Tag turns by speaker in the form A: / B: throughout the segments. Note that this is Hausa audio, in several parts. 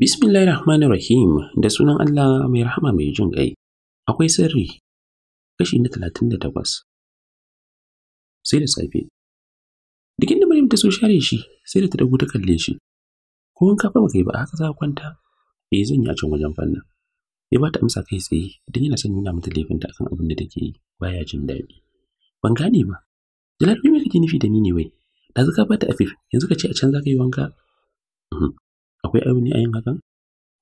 A: Bismillahir Rahmanir Rahim da sunan Allah mai rahama mai jin ƙai. Akwai sirri kashi na talatin da takwas. Sai da safe. Duk da Maryam ta so share shi sai da ta dago ta kalle shi. Ko ka fa baka yi ba haka za kwanta? Eh zan yi a can wajen fannin. Ya ba ta amsa kai tsaye don yana son nuna mata laifinta akan abin da take yi baya jin daɗi. ban gane ba jalal me kake nufi da ni ne wai da ka bata afif yanzu ka ce a can zaka yi wanka mhm. akwai abu ne a yin hakan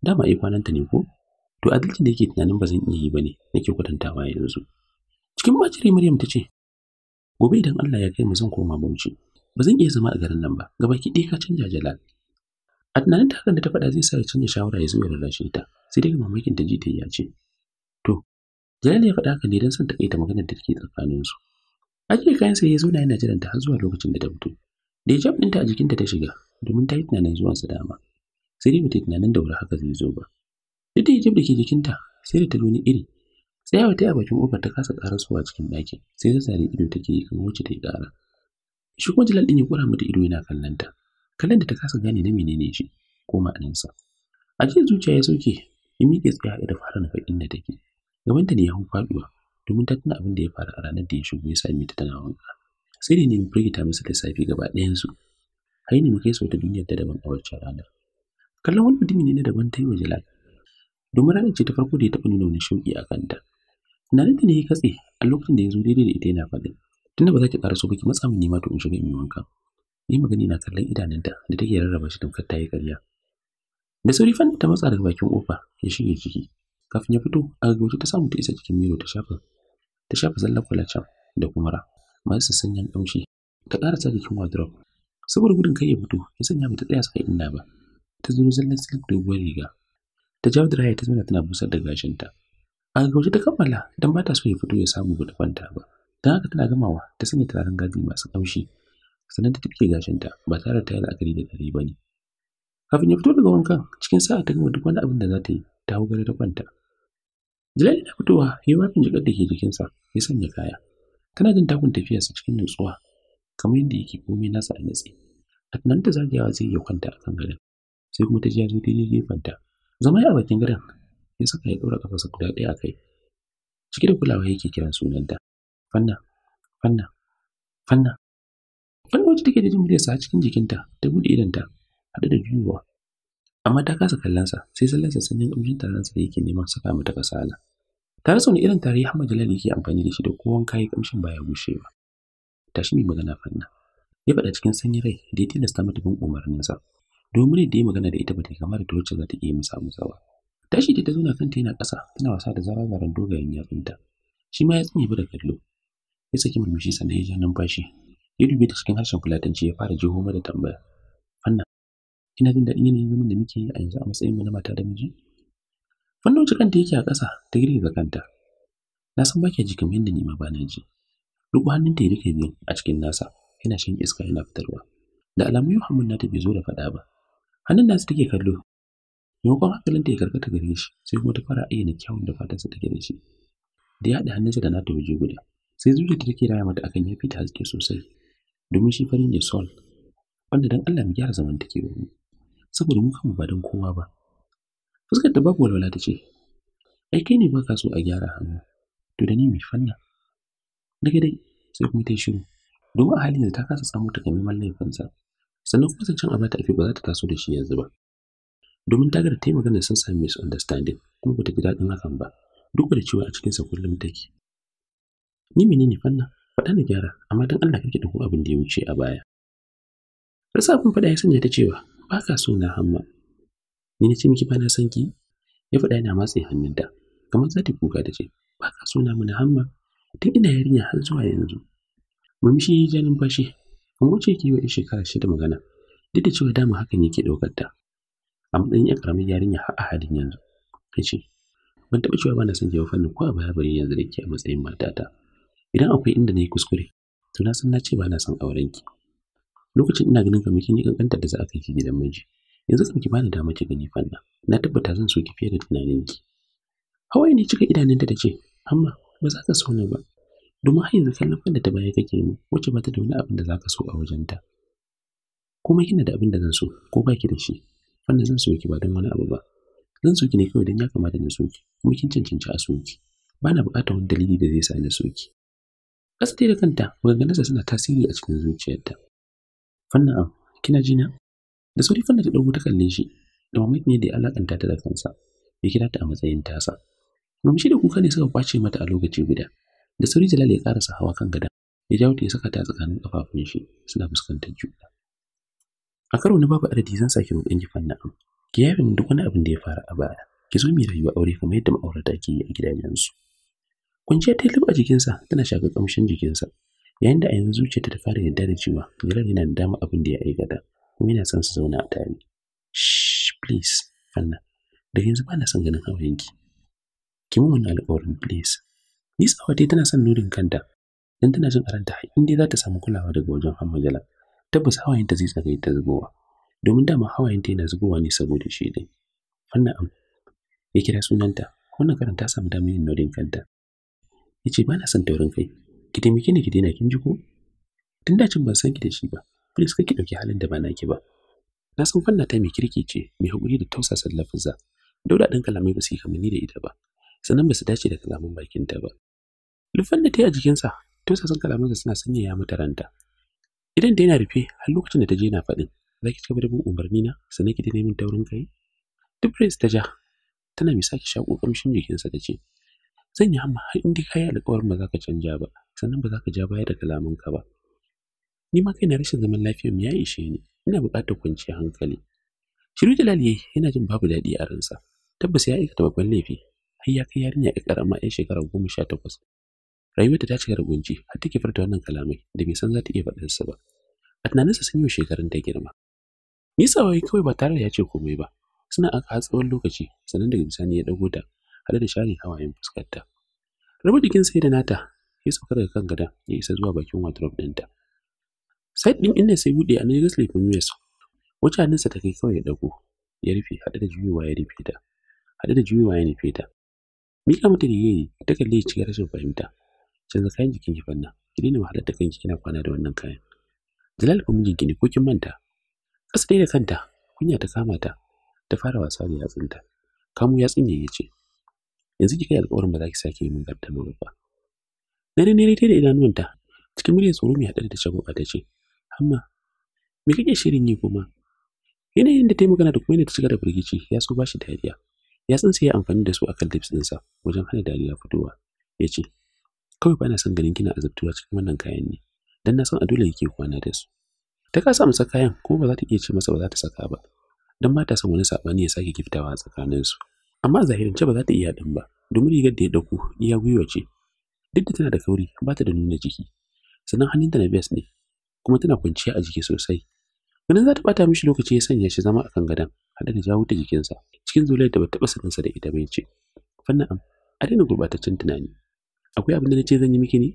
A: dama ai kwananta ne ko to adalci da yake tunanin ba zan iya yi ba ne nake kwatantawa yanzu cikin bacire maryam ta ce gobe idan allah ya kai mu zan koma bauchi ba zan iya zama a garin nan ba gabaki ɗaya ka canja jalal a tunanin ta hakan da ta faɗa zai sa ya canja shawara ya zo ya ta sai daga mamakin ta ji ta yi ya ce to jalal ya faɗa haka ne don son ta ta maganar da take tsakaninsu ajiye kayansa ya zauna yana jiranta har zuwa lokacin da ta fito da hijab ɗinta a jikinta ta shiga domin ta yi tunanin zuwan zuwansa dama sai dai bata yi tunanin da wuri haka zai zo ba duk da hijab da ke jikinta sai da ta wani iri tsayawa ta yi a bakin ƙofar ta kasa ƙarasowa cikin ɗakin sai ta sare ido take yi kamar wacce ta yi ƙara shi kuma jalal ɗin ya kura mata ido yana kallon ta kallon da ta kasa gane na menene shi ko ma'anansa a jiya zuciya ya sauke ya miƙe tsaya da fara nufa inda take gabanta ne ya hau faɗuwa domin ta tuna abin da ya faru a ranar da ya shigo ya same ta tana wanka. Sai da nemi firgita masa lissafi gaba ɗayansu. Har ne mu kai sau ta duniyar da daban a wacce ranar. Kallon wani mutumi ne na daban ta yi wa Jalal. Domin ranar ce ta farko da ya taɓa nuna wani shauƙi a kanta. da ne ya katse a lokacin da ya zo daidai da ita yana faɗin. Tunda ba za ki ƙara so ba ki matsa min nema to in shiga in yi wanka. Ni magani na kallon idanunta da take rarraba shi tamkar ta yi ƙarya. Da sauri fannin ta matsa daga bakin ƙofa ya shige ciki. Kafin ya fito, a gaggauta ta samu ta isa cikin miro ta shafa ta shafa zallan kwalacen da kuma Ra, masu sassanyen kamshi ta ƙarasa jikin wardrobe saboda gudun kai ya fito ya sanya bata tsaya sai inna ba ta zuru zallan silk doguwar riga ta jawo raya ta zauna tana busar da gashinta a gaushe ta kammala don ba ta so ya fito ya samu ba ta kwanta ba don haka tana gamawa ta sanya turaren gadi masu kamshi sannan ta tafiye gashinta ba tare da ta yi la'akari da gari ba ne kafin ya fito daga wankan cikin sa'a ta gama duk wani abin da za ta yi ta hau gari ta kwanta Jalal na fitowa ya wafin jakar da ke jikinsa ya sanya kaya. Tana jin takun tafiyarsa cikin nutsuwa kamar yadda yake komai nasa a natse. A tunanin ta zagayawa zai iya kwanta a kan gadon sai kuma ta ji ya zo daidai gefenta. Zama ya a bakin gadon ya saka ya ɗora ƙafarsa guda ɗaya a kai. Cike da kulawa yake kiran sunanta. Fanna, Fanna, Fanna. Fanna wacce take da jin muryarsa a cikin jikinta ta buɗe idonta haɗe da juyowa amma ta kasa kallonsa sai zallarsa sanyin ƙamshin taronsa da yake neman saka mata kasala ta rasa wani irin tarihi Ahmad Jalal yake amfani da shi da kowan kayan ƙamshin baya gushewa tashi mai magana fanna ya faɗa cikin sanyi rai da ya tilasta mata bin umarninsa domin da ya magana da ita ba ta kamar da wacce za ta iya musa musa ba tashi ta zauna kanta yana ƙasa tana wasa da zarazaran dogayen yatsunta shi ma ya tsinye ba da kallo ya saki murmushi sannan ya ja numfashi ya dube ta cikin harshen fulatanci ya fara jiho mata tambaya ina jin daɗin yanayin zaman da muke yi a yanzu a matsayin mu na mata da miji fannin kanta yake a ƙasa ta girgiza kanta na san baki jikin da ni ma bana ji duk hannunta ya rike biyu a cikin nasa yana shan iska yana fitarwa da alamu yau hannun nata bai zo da faɗa ba hannun nasa take kallo maimakon ta ya karkata gare shi sai kuma ta fara ayyana kyawun da fatarsa take da shi da ya haɗa hannunsa da nata waje guda sai zuciyarta take raya mata akan ya fita haske sosai domin shi farin ya sol wanda don Allah mu gyara zamantakewa mu saboda mu kama ba don kowa ba fuskar da babu walwala ta ce ai kai ne ba ka so a gyara hannu to da ni mai fanna daga dai sai kuma ta yi shiru domin a halin da ta kasa samu takamaiman laifinsa sannan kuma zancen a ta fi ba za ta taso da shi yanzu ba domin ta ta yi magana sun sami misunderstanding kuma bata ji daɗin hakan ba duk da cewa a cikinsa kullum take ni menene fanna faɗa na gyara amma don Allah kake ɗauko abin da ya wuce a baya rasa abin faɗa ya sanya ta cewa ba ka so na hamma ni na ce miki ba na son ki ya faɗa yana matsi hannunta kamar za ta kuka ta ce ba ka so na mana hamma tun ina yarinya har zuwa yanzu murmushi ya janin bashi. kuma wuce ki yi wa shekara shida magana duk da cewa dama hakan yake ɗaukar ta a matsayin ya karamin yarinya har a halin yanzu ya ce ban taɓa cewa ba na san ki ba fannin ko a baya bari yanzu da ke a matsayin matata idan akwai inda na yi kuskure to na san na ce ba na son aurenki lokacin ina ganin kamar kin yi kankanta da za a kai ki gidan miji yanzu kam ki bani dama ki gani fanna na tabbata zan so ki fiye da tunanin ki hawaye ne cika idanunta da ce amma ba za ka so ni ba domin har yanzu kallon fanna ta baya kake mu wacce ba ta da wani abin da za ka so a wajenta kuma kina da abin da zan so ko ba ki da shi fanna zan so ki ba don wani abu ba zan so ki ne kawai don ya kamata na so ki kuma kin cancanci a so ki ba na buƙatar wani dalili da zai sa na so ki kasa da kanta maganganunsa suna tasiri a cikin zuciyarta Fanna am, kina jina? Da sauri Fanna ta dauko ta kalle shi, da mamaki ne da ya alakanta ta da kansa, ya kira ta a matsayin tasa. shi da kuka ne suka kwace mata a lokaci guda, da sauri Jalal ya karasa hawa kan gada ya jawo ta ya saka ta tsakanin kafafun shi suna fuskantar juna. A karo na babu adadi zan sake roƙon ki Fanna am, ki yafe duk wani abin da ya faru a baya, ki zo mai rayuwa aure kamar yadda ma'aurata ke yi a gidajensu. Kwanciya ta lubu a jikinsa tana shaka kamshin jikinsa yayin da a yanzu zuciyarta ta fara yarda da cewa Jiran yana da dama abin da ya aikata kuma yana son su zauna a tare shh please Fanna Da yanzu ba na son ganin hawayenki ki mun wannan alƙawarin please ni tsawa dai tana son nurin kanta dan tana jin aranta in dai za ta samu kulawa daga wajen Hamma jala. tabbas hawayenta zai tsare ta zubowa domin dama hawayenta yana zubowa ne saboda shi din Fanna am ya kira sunanta wannan karanta samu damar yin nurin kanta Ya ce ba na son taurin kai ki taimake ni ki daina kin ji ko tun da cin ban san ki da shi ba please kake dauki halin da ba naki ba na san fanna ta mai kirki ce mai hakuri da tausasa lafazza dauda ɗan kalamai ba su yi ni da ita ba sannan ba su dace da kalaman ta ba lufan da ta yi a jikinsa tausasan sa suna sanyaya mata ranta idan da yana rufe har lokacin da ta je na faɗin za ki cigaba da bin umarni na sannan ki ta nemin taurin kai duk ta ja tana mai sake shaƙo ƙamshin jikinsa ta ce zan yi hamma har in ka yi alƙawarin ba za ka canja ba sannan ba za ka ja baya da kalamanka ba ni ma kai na rashin zaman mu ya ishe ni ina buƙatar kwanciyar hankali shiru jalal yayi yana jin babu daɗi a ransa tabbas ya aikata babban laifi har ya kai yarinya ya karama ya shekara goma sha takwas rayuwarta ta cika da gunji har take furta wannan kalamai da bai san za ta iya faɗin su ba a tunaninsa sun yi shekarun ta girma Ni nisawa kawai ba tare da ya ce komai ba suna aka har tsawon lokaci sannan daga bisani ya ɗago ta hade da share hawayen fuskarta. Raba jikin sai da nata ya sauka daga kan gada ya isa zuwa bakin wardrobe ɗinta. Sai ɗin inda sai buɗe a Lagos Lifin Mills. wacce hannunsa ta kai kawai ya ɗago ya rufe hada da juyowa ya rufe ta da juyowa ya nufe ta. Mika mata da yayi ta kalle ya cikin rashin fahimta. Canza kayan jikin ki fanna ki daina wahalar da kanki kina kwana da wannan kayan. Jalal fa ki ne ko kin manta. Ƙasa dai da kanta kunya ta kama ta ta fara wasa da yatsunta. Kamu yatsun ya ce yanzu ki kai alƙawarin ba za ki sake yi min gardamar ba na ne ne ta da idanuwanta cikin muryar tsoro mai haɗari da shagwaba ta ce amma me kake shirin yi kuma yanayin da ta yi magana da kuma yadda ta cika da firgici ya so ba shi dariya ya san sai ya amfani da su akan lips ɗinsa wajen hana dariya fitowa ya ce kawai ba na son ganin kina azabtuwa cikin wannan kayan ne dan na san a dole kike kwana da su ta kasa amsa kayan kuma ba za ta iya ce masa ba za ta saka ba dan ba ta son wani saɓani ya sake giftawa a tsakaninsu amma a zahirance ba za ta iya ɗin ba domin rigar da ya ɗauko iya gwiwa ce duk da tana da kauri ba ta da nuna jiki sannan hannunta na bes ne kuma tana kwanciya a jiki sosai ganin za ta ɓata mishi lokaci ya sanya shi zama a kan gadon haɗe da jawo ta jikinsa cikin zuliyar da ba taɓa saninsa da ita bai ce fanna am a daina gurɓataccen tunani akwai abin da na ce zan yi miki ne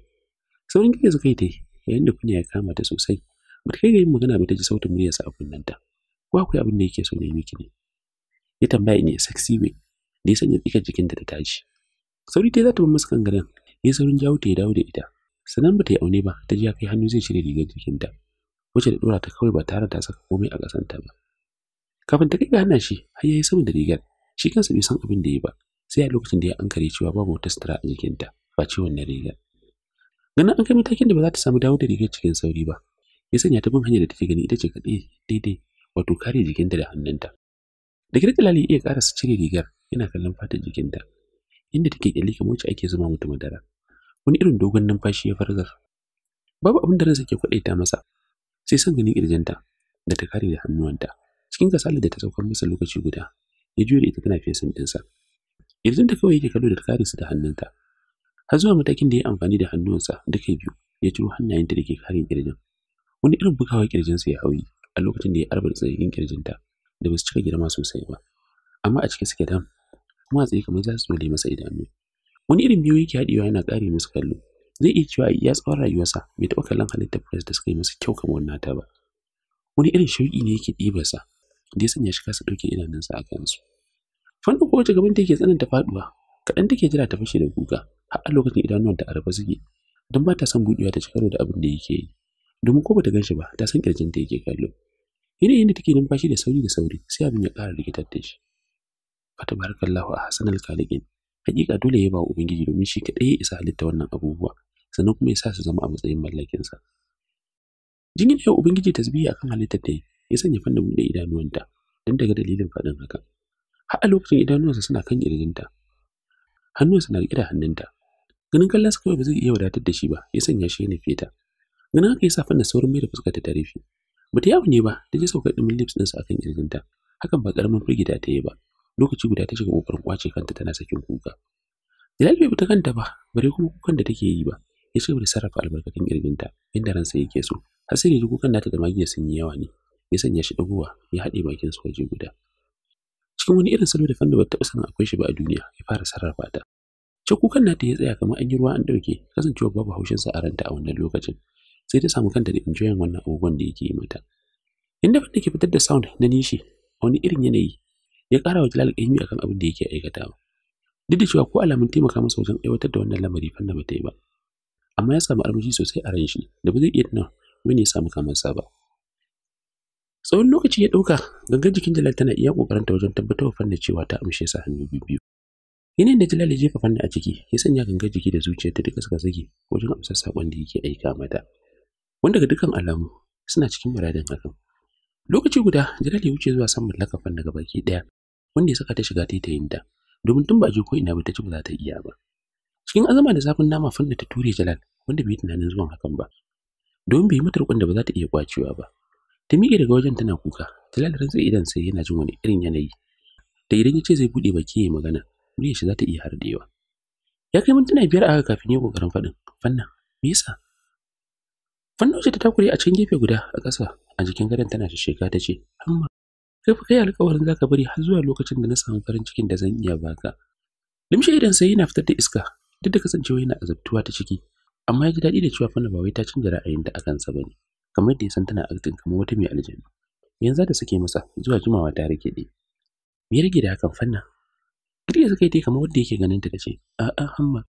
A: saurin kike su kai ta yayin da kunya ya kama ta sosai ba ta kai ga yin magana ba ta ji sautin muryarsa a kunnanta ko akwai abin da yake so ne miki ne ya tambaya in sexy way da ya sanya tsikar jikinta ta tashi. Sauri ta za ta bar masa kangaren, ya saurin jawo ta ya dawo da ita. sanan ba ta yi aune ba, ta ji ya kai hannu zai shirya rigar jikinta, wacce da ɗora ta kawai ba tare da saka komai a ƙasanta ba. Kafin ta kai ga hana shi, har ya yi sama da rigar, shi kansa bai san abin da ya ba, sai a lokacin da ya ankare cewa babu wata sutura a jikinta, ba ce na rigar. Ganin an kai matakin da ba za ta samu dawo da rigar cikin sauri ba, ya sanya ta bin hanyar da take gani ita ce kaɗai daidai wato kare jikinta da hannunta. Da kirkila ne iya ƙarasa cire rigar yana kallon fatar jikinta inda take kyalli kamar ake zuma mutum madara wani irin dogon numfashi ya farga babu abin da ransa ke kwadaita masa sai san ganin kirjinta da ta kare da hannuwanta cikin kasalar da ta saukar masa lokaci guda ya jure ita tana fesin dinsa kirjinta kawai yake kallo da ta kare su da hannunta har zuwa matakin da ya amfani da hannuwansa duka biyu ya ciro hannayenta da ke kare kirjin wani irin bugawa kirjinsa ya hauyi a lokacin da ya arba da kirjinta da ba su cika girma sosai ba amma a cikin suke dam kuma a tsaye kamar za su tsole masa idanu wani irin biyu yake haɗewa yana ƙare musu kallo zai iya cewa iya tsawon rayuwarsa bai taɓa kallon halittar press da suka yi masa kyau kamar ta ba wani irin shauƙi ne yake ɗibarsa da ya sanya shi kasa ɗauke idanunsa a kansu fanta ko wace gaban take tsananta faduwa. kaɗan take jira ta fashe da kuka har a lokacin idanuwan a rufe suke don ba ta son buɗewa ta ci karo da abin da yake yi domin ko bata ganshi ba ta san kirjinta yake kallo yanayin da take numfashi da sauri da sauri sai abin ya ƙara rikitar da shi fatabarakallahu ahsanul khaliqin hakika dole ya ba ubangiji domin shi kadai ya isa halitta wannan abubuwa sannan kuma ya sa su zama a matsayin mallakinsa jingin ya ubangiji tasbihi akan halittar da ya sanya fannin buɗe idanuwanta don daga dalilin faɗin haka har a lokacin idanuwansa suna kan ƙirjinta. hannuwansa na riƙe da hannunta ganin kallon sa kawai ba zai iya wadatar da shi ba ya sanya shi ya nufe ta ganin haka ya sa fannin saurin mai da fuskar ta rufe ba ta yawo ne ba ta je saukar ɗumin lips ɗinsa akan kirjinta hakan ba ƙaramin firgita ta yi ba lokaci guda ta shiga kokarin kwace kanta tana sakin kuka Jalal bai fita kanta ba bare kuma kukan da take yi ba ya ci gaba da sarrafa albarkatun irginta inda ransa yake so har sai da kukan nata da magiya sun yi yawa ne ya sanya shi dagowa ya haɗe bakin su waje guda cikin wani irin salo da fanda bata taɓa sanin akwai shi ba a duniya ya fara sarrafa ta ce kukan nata ya tsaya kamar an yi ruwa an ɗauke kasancewar babu sa a ranta a wannan lokacin sai ta samu kanta da injoyan wannan abubuwan da yake yi mata inda fanda ke fitar da sound na nishi wani irin yanayi ya kara wa Jalal ilimi akan abin da yake aikatawa. Duk da cewa ko alamun taimaka masa wajen aiwatar da wannan lamari fanna bata ta yi ba. Amma ya samu armashi sosai a ranshi da ba zai iya tuna wani ya samu sa ba. Tsawon lokaci ya ɗauka gangan jikin Jalal tana iya ƙoƙarinta wajen tabbatar fanna cewa ta amshe sa hannu biyu. Yanayin da Jalal ya jefa fanna a ciki ya sanya gangan jiki da ta duka suka zage wajen amsar saƙon da yake aika mata. Wanda ga dukkan alamu suna cikin muradin hakan. Lokaci guda Jalal ya wuce zuwa san fanna gabaki ɗaya wanda ya saka ta shiga ta yi ta, domin tun ba je ko ina ba ta ci ba za ta iya ba cikin azama da zafin nama fanna ta ture jalal wanda bai tunanin zuwan hakan ba domin bai mata rukun da ba za ta iya kwacewa ba ta miƙe daga wajen tana kuka jalal rantsa idan sai yana jin wani irin yanayi da idan ya ce zai buɗe baki ya magana muryar shi za ta iya hardewa ya kai mintuna biyar a haka kafin ya kokarin faɗin fanna me yasa fanna wacce ta takure a can gefe guda a ƙasa a jikin gadon tana sheka ta ce amma kai fa kai alƙawarin zaka bari har zuwa lokacin da na samu farin cikin da zan iya baka limshe idan sai yana fitar da iska duk da kasancewa yana azabtuwa ta ciki amma ya ji daɗi da cewa fanna ba wai ta canza ra'ayinta a akan ba ne kamar yadda ya san tana aktin kamar wata mai aljanu yanzu da suke masa zuwa jimawa ta rike ɗi me ya rage da hakan fanna kirya suka yi ta kamar wanda yake ganin ta da ce a'a hamma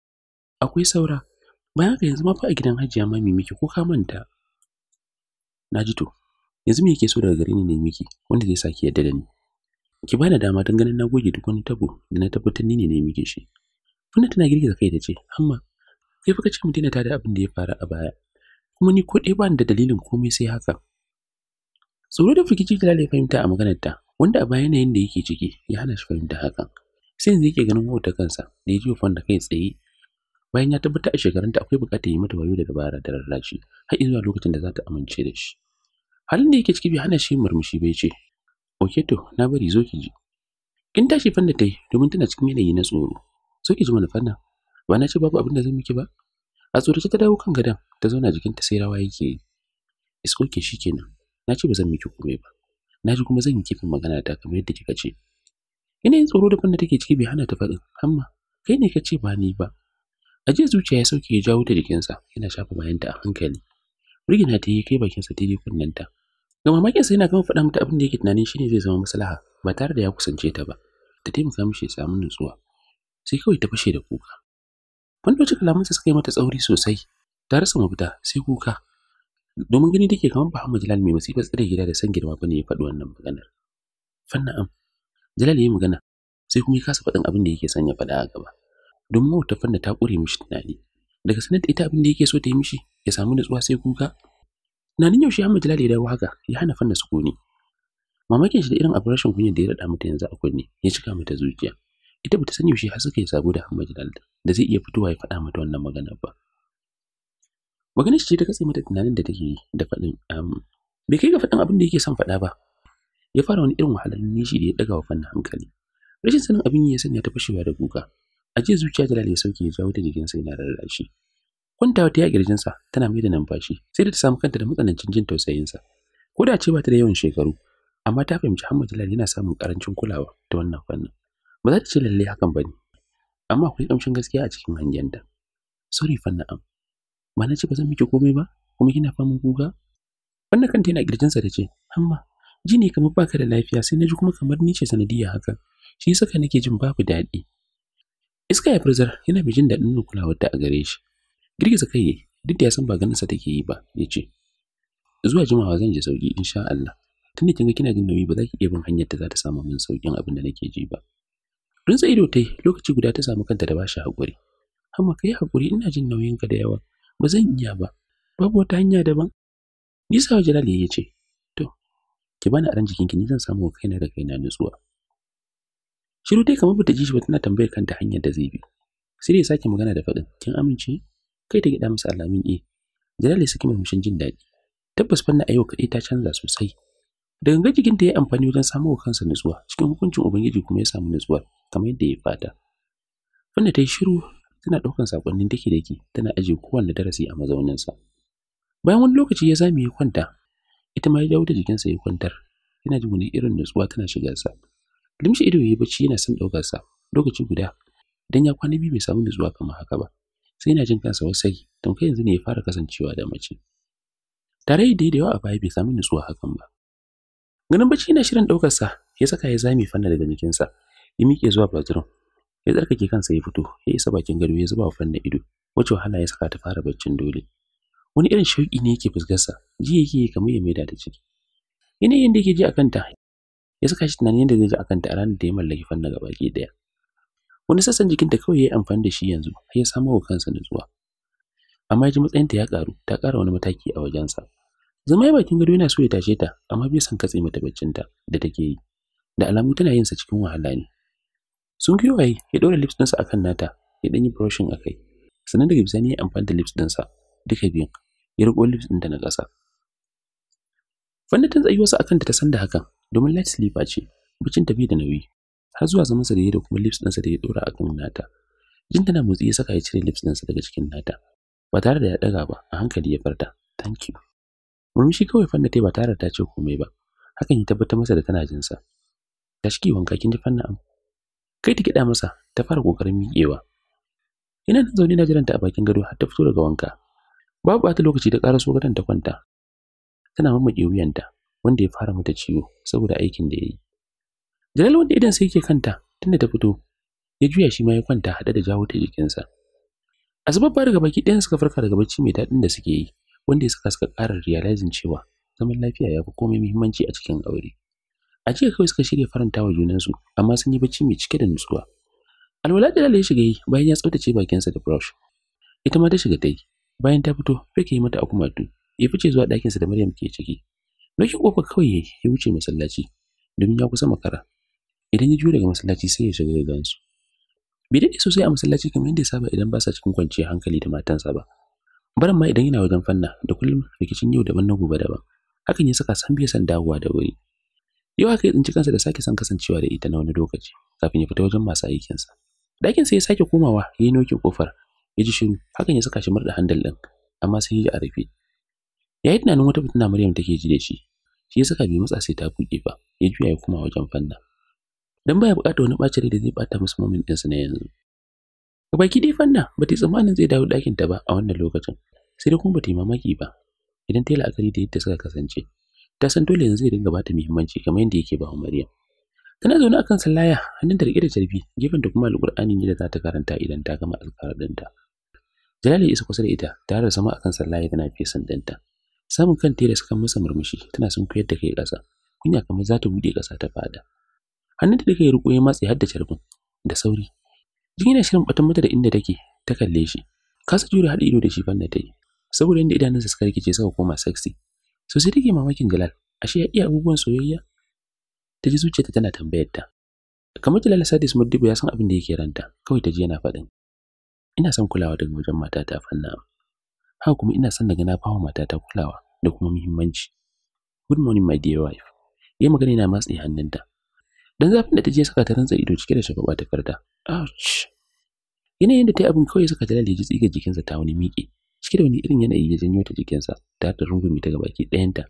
A: akwai saura bayan ka yanzu ma fa a gidan hajiya ma miki ko ka manta na ji to yanzu me yake so daga gare ni ne miki wanda zai saki yadda da ni ki bani dama don ganin na goge duk wani tabo da na tabbatar ni ne ne miki shi Funa tana girgiza kai da ce amma kai fa kace mu daina tada abin da ya faru a baya kuma ni ko ɗaya bani da dalilin komai sai haka tsoro da firgici ta lalai fahimta a maganar ta wanda a baya yanayin da yake ciki ya hana shi fahimta hakan sai yanzu yake ganin wata kansa da ya ji da kai tsaye bayan ya tabbata a shekarunta akwai bukatar yi mata wayo da dabara da rarrashi har zuwa lokacin da za ta amince da shi halin da yake ciki bai hana shi murmushi bai ce oke to na bari zo ki ji kin tashi fanna ta domin tana cikin yanayi na tsoro zo ki ji mana fanna ba na ce babu abin da zan miki ba a tsorace ta dawo kan gadon ta zauna jikinta sai rawa yake yi is shi shikenan na ce ba zan miki komai ba na ji kuma zan yi kifin magana ta kamar yadda kika ce yanayin tsoro da fanna take ciki bai hana ta faɗin amma kai ne ka ce ba ni ba a jiya zuciya ya sauke ya jawo ta jikinsa yana shafa bayanta a hankali rigina ta yi kai bakinsa daidai ta ga sa yana gama faɗa mata abin da yake tunanin shi zai zama maslaha ba tare da ya kusance ta ba ta taimaka mishi ya samu nutsuwa sai kawai ta fashe da kuka Kwandocin kalamansa suka yi mata tsauri sosai, ta rasa mafita sai kuka. Domin gani take kamar Muhammad Jalal mai masifar tsare gida da san girma bane ya faɗi wannan maganar. Fanna'am, Jalal ya yi magana, sai kuma ya kasa faɗin abin da yake sanya ya faɗa a gaba. Domin wata fanna ta ƙure mishi tunani. daga sanar da ita abin da yake so ta yi mishi ya samu nutsuwa sai kuka na nan yaushe Ahmad Jalal ya dawo haka ya hana fanna sukuni mamakin shi da irin abin kunya da ya rada mata yanzu a kunne ya cika mata zuciya ita bata san yaushe har suka yi sabo da Ahmad Jalal da zai iya fitowa ya faɗa mata wannan magana ba maganar shi ce ta katse mata tunanin da take yi da faɗin um, bai kai ga faɗin abin da yake son faɗa ba ya fara wani irin wahalar nishi da ya ɗaga wa fannin hankali rashin sanin abin ya sanya ta fashewa da kuka A jiya zuciya Jalal ya sauke ya jawo ta jikinsa yana rarrashi. Kwantawa ta ya sa tana mai da numfashi sai da ta samu kanta da matsanancin jin tausayinsa. Ko da ce ba ta da yawan shekaru amma ta fahimci hamma Jalal yana samun karancin kulawa ta wannan fannin. Ba za ta ce lalle hakan ba ne. Amma akwai kamshin gaskiya a cikin hangen ta Sorry fannin am. Ba na ce ba zan miki komai ba kuma kina famin kuka? Fannin kanta yana kirjinsa da ce, Amma! ji ne kamar baka da lafiya sai na ji kuma kamar ni ce sanadiyya hakan. Shi saka nake jin babu daɗi." Iska ya furzar yana mai jin daɗin kulawarta a gare shi. Girgiza kai duk da ya san ba ganin sa take yi ba ya ce, Zuwa jimawa zan je sauki insha Allah. Tunda kin ga kina jin nauyi ba za ki iya bin hanyar da za ta samu min sauƙin abin da nake ji ba. Rinsa ido ta yi lokaci guda ta samu kanta da bashi haƙuri. Amma ka yi haƙuri ina jin nauyin ka da yawa ba zan iya ba. Babu wata hanya daban. Isa wa Jalal ya ce, To, ki bani aran jikinki ni zan samu kaina da kaina nutsuwa. Shiru dai kamar bata ji shi ba tana tambayar kanta hanyar da zai bi. Sai dai sake magana da faɗin, kin amince? Kai ta gida masa alamin e. Jalal ya saki murmushin jin daɗi. Tabbas fanna ayyuka kaɗai ta canza sosai. Da ganga jikin ta ya amfani wajen samo wa kansa nutsuwa, cikin hukuncin Ubangiji kuma ya samu nutsuwa kamar yadda ya fata. Fanna ta yi shiru tana ɗaukan sakonnin dake dake tana ajiye kowanne darasi a mazauninsa. Bayan wani lokaci ya zame ya kwanta, ita ma ya dawo da jikinsa ya kwantar, yana jin wani irin nutsuwa tana shigarsa. limshi ido yayi bacci yana son daukar sa lokaci guda dan ya kwana biyu bai samu nutsuwa kamar haka ba sai yana jin kansa wasai kai yanzu ne ya fara kasancewa da mace tare da yawa a baya bai samu nutsuwa hakan ba ganin bacci yana shirin daukar sa ya saka ya zame fanna daga jikinsa ya miƙe zuwa bathroom ya tsarkake kansa ya fito ya isa bakin gado ya zuba wa fanna ido wacce wahala ya saka ta fara baccin dole wani irin shauƙi ne yake sa ji yake kamar ya maida ta ciki yanayin da yake ji a kanta ya saka shi tunanin yadda zai ji akan ta a ranar da ya mallaki fanna gaba ke daya wani sassan jikin jikinta kawai ya yi amfani da shi yanzu har ya samo wa kansa nutsuwa amma ji matsayinta ya karu ta kara wani mataki a wajensa zama bakin gado yana so ya tashe ta amma bai san katse mata baccinta da take yi da alamu tana yin sa cikin wahala ne sun kiyo waye ya ɗora lips ɗinsa akan nata ya ɗan yi brushing a kai sannan daga bisani ya amfani da lips ɗinsa duka biyun ya riƙo lips ɗinta na ƙasa fannatin tsayuwarsa akan ta san da hakan domin light sleeper ce bacin tafi da nauyi har zuwa zaman sa da da kuma lips ɗinsa da ya ɗora a kan nata jin tana motsi ya saka ya cire lips ɗinsa daga cikin nata ba tare da ya daga ba a hankali ya farta thank you murmushi kawai fanna ta ba tare da ta ce komai ba hakan ya tabbatar masa da tana jin sa ta shi wanka kin ji fanna am kai ta kiɗa masa ta fara kokarin miƙewa ina nan zaune na jiranta a bakin gado har ta fito daga wanka babu ta lokaci ta ƙara so gadon ta kwanta tana mamaki wuyanta wanda ya fara mata ciwo saboda aikin da ya yi. Jalal wanda idan sai yake kanta tunda ta fito ya juya shi ma ya kwanta haɗe da jawo ta jikinsa. Asibabba ga baki ɗayan suka farka daga bacci mai daɗin da suke yi wanda ya saka suka ƙara realizing cewa zaman lafiya ya fi komai muhimmanci a cikin aure. A jiya kawai suka shirya faranta wa junansu, amma sun yi bacci mai cike da nutsuwa. Alwala da ya shiga yi bayan ya tsaftace bakinsa da brush. Ita ma ta shiga ta yi. Bayan ta fito, fake yi mata akumatu, ya fice zuwa ɗakinsa da Maryam ke ciki, Dokin ƙofa kawai ya wuce masallaci domin ya kusa makara. Idan ya juyo daga masallaci sai ya shiga ya gansu. Bai daɗe sosai a masallaci kamar yadda ya saba idan ba sa cikin kwanciyar hankali da matansa ba. Barin ma idan yana wajen fanna da kullum rikicin yau daban na gobe daban. Hakan ya saka san biya san dawowa da wuri. Yau haka ya tsinci kansa da sake san kasancewa da ita na wani lokaci kafin ya fita wajen masu aikinsa. Ɗakin sai ya sake komawa ya yi nokin kofar ya ji shiru hakan ya saka shi murda handal ɗin amma sai ya ji a rufe. ya yi tunanin wata fitina Maryam take ji da shi shi ya saka bai matsa sai ta buɗe ba ya juya ya koma wajen fanna dan baya bukata wani ɓacin da zai ɓata musu momin ɗinsu na yanzu baki dai fanna ba ta tsammanin zai dawo ɗakin ta ba a wannan lokacin sai dai kuma ba ta yi mamaki ba idan ta yi la'akari da yadda suka kasance ta san dole yanzu zai dinga bata muhimmanci kamar yadda yake ba Maryam tana zaune akan sallaya hannun da rike da jarbi gefen da kuma alƙur'ani ne da za ta karanta idan ta gama alƙarar ɗinta Jalali isa kusa da ita tare da sama akan sallaya tana fesan ɗinta. samun kan da suka masa murmushi tana sun koyar da kai kasa. kunya kamar za ta bude kasa ta fada Hannun da kai riko ya matsi har da carbin da sauri jini na shirin batun mata da inda take ta kalle shi kasa jure haɗa ido da shi fanna ta yi saboda inda idanunsa suka rikice suka koma sexy so sai take mamakin jalal ashe ya iya abubuwan soyayya ta ji zuciyarta tana tambayar ta kamar jalal sadis muddibu ya san abin da yake ranta kawai ta ji yana faɗin ina son kulawa daga wajen matata fanna haka kuma ina son daga na fama matata kulawa da kuma muhimmanci good morning my dear wife yayi magana yana matsi hannunta dan zafin da ta je saka ta rantsa ido cike da shagaba ta karda ouch yanayin da ta yi abin kawai saka ta lalace tsiga jikinsa ta wani miƙe cike da wani irin yanayi ya janyo ta jikinsa ta ta rungumi ta gabaki ɗayanta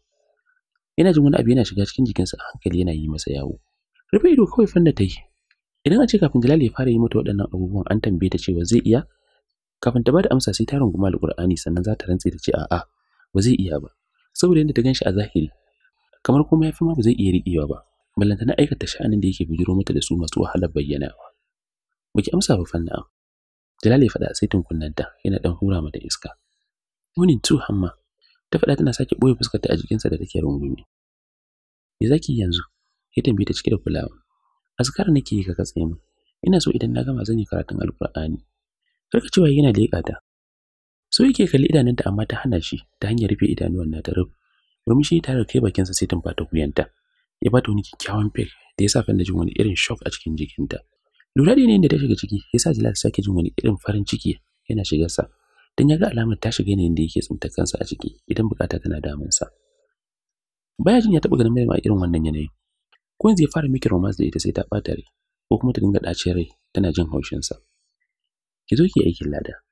A: yana jin wani abu yana shiga cikin jikinsa a hankali yana yi masa yawo rufe ido kawai fanda ta yi idan a ce kafin jalal ya fara yi mata waɗannan abubuwan an tambaye ta cewa zai iya kafin ta bada amsa sai ta runguma alƙur'ani sannan za ta rantse ta ce a'a ba zai iya ba saboda yadda ta gan a zahiri kamar kuma fi ma ba zai iya riƙewa ba ballanta na aikata sha'anin da yake bujiro mata da su masu wahalar bayyanawa baki amsa ba fanna Jalal ya faɗa sai tunkunnanta yana ɗan hura mata iska munin tu hamma ta faɗa tana sake ɓoye fuskarta a jikinsa da take rungume me zaki yanzu ya tambaye ta cike da kulawa azkar nake yi ka katse mu ina so idan na gama zan yi karatun alkur'ani karka cewa yana leƙa ta so yake kalli idanunta amma ta hana shi ta hanyar rufe idanuwan ta rub murmushi tare da kai bakinsa sai tumfa ta kuyanta ya bata wani kyakkyawan fil da ya sa fanda jin wani irin shock a cikin jikinta lura da yanayin da ta shiga ciki ya sa ta sake jin wani irin farin ciki yana shigar sa don ya ga alamar ta shiga yanayin da yake tsinta kansa a ciki idan bukata tana sa baya jin ya taɓa ganin mai a irin wannan yanayin ko yanzu ya fara miki romance da ita sai ta bata rai ko kuma ta dinga ɗace rai tana jin haushinsa ki zo ki aikin lada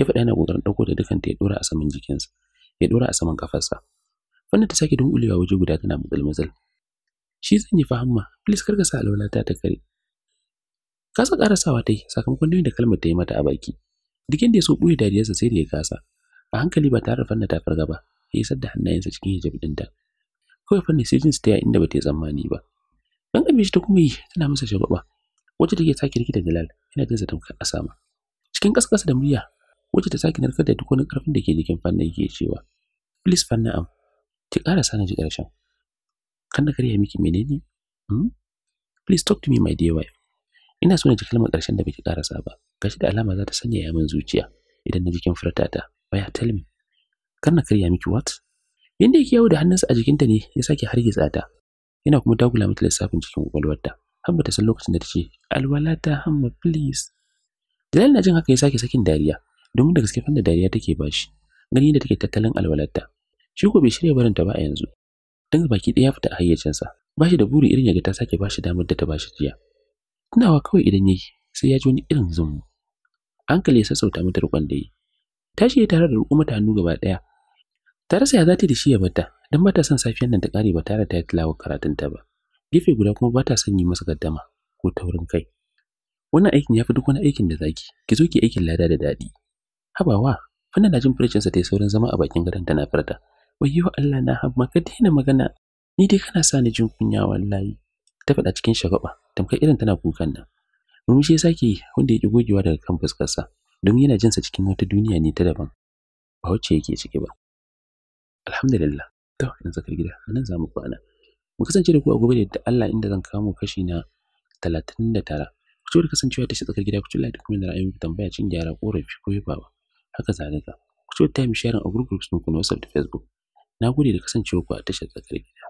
A: ya faɗa yana ƙoƙarin ɗauko da dukanta ya ɗora a saman jikinsa ya ɗora a saman ƙafarsa Wannan ta sake dunkulewa waje guda tana mutsal shi zan yi fahamma please karka sa alwala ta ta kare kasa sawa ta yi sakamakon nauyin da kalmar ta yi mata a baki duk yadda ya so ɓuya dariyarsa sai da ya kasa a hankali ba tare da fanna ta farga ba ya yi sadda hannayensa cikin hijab ɗinta kawai fanna sai jinsu ta inda ba ta yi tsammani ba ɗan abin shi ta kuma yi tana masa shagwaba wacce take sake rikita dalal yana jin zaton a sama cikin kaskasa da murya wacce ta sake narkar da duk wani karfin da ke jikin fannin yake cewa please fannin am ki ƙara sana ji ƙarshen kan da karya miki menene hmm? please talk to me my dear wife ina so na ji kalmar ƙarshen da baki ƙarasa ba gashi da alama za ta sanya ya min zuciya idan na jikin furta ta waya tell me kan na karya miki what yanda yake yawo da hannunsa a jikinta ne ya sake hargitsa ta yana kuma dagula mata lissafin cikin kwakwalwarta har ba ta san lokacin da ta ce alwala ta hamma please jalal na jin haka ya sake sakin dariya domin da gaske fanda dariya take ba shi gani da take tattalin alwalarta shi ko bai shirya barinta ba a yanzu dan baki ɗaya fita a hayyacinsa ba shi da buri irin ya ga ta sake shi damar da ta ba shi jiya tunawa kawai idan yayi sai ya ji wani irin zumu hankali ya sassauta mata rukon da yi tashi ya tare da rukun mata hannu gaba ɗaya ta rasa ya zata da shi ya bata dan ba ta son safiyar nan ta kare ba tare da ta tilawa karatun ta ba gefe guda kuma ba ta son yi masa gaddama ko taurin kai wannan aikin ya fi duk wani aikin da zaki ki zo ki aikin lada da daɗi habawa fanna na jin furcinsa ta yi saurin zama a bakin gadon tana furta wayyo Allah na habba ka daina magana ni dai kana sa ni jin kunya wallahi ta fada cikin shagaba tamkar irin tana kukan nan murmushi ya sake yi wanda ya ki gogewa daga kan fuskarsa don yana jin sa cikin wata duniya ne ta daban ba wacce yake ciki ba alhamdulillah to wakan zakar gida nan za mu kwana mu kasance da ku a gobe da Allah inda zan kamo kashi na talatin da tara ku ci da kasancewa ta shi tsakar gida ku ci da kuma da ra'ayoyin tambaya cin gyara korafi ko yabawa Haka zalika, ku ta time sharing a group ku na WhatsApp da Facebook. Na gudu da kasancewa ku a tashar tsakar gida.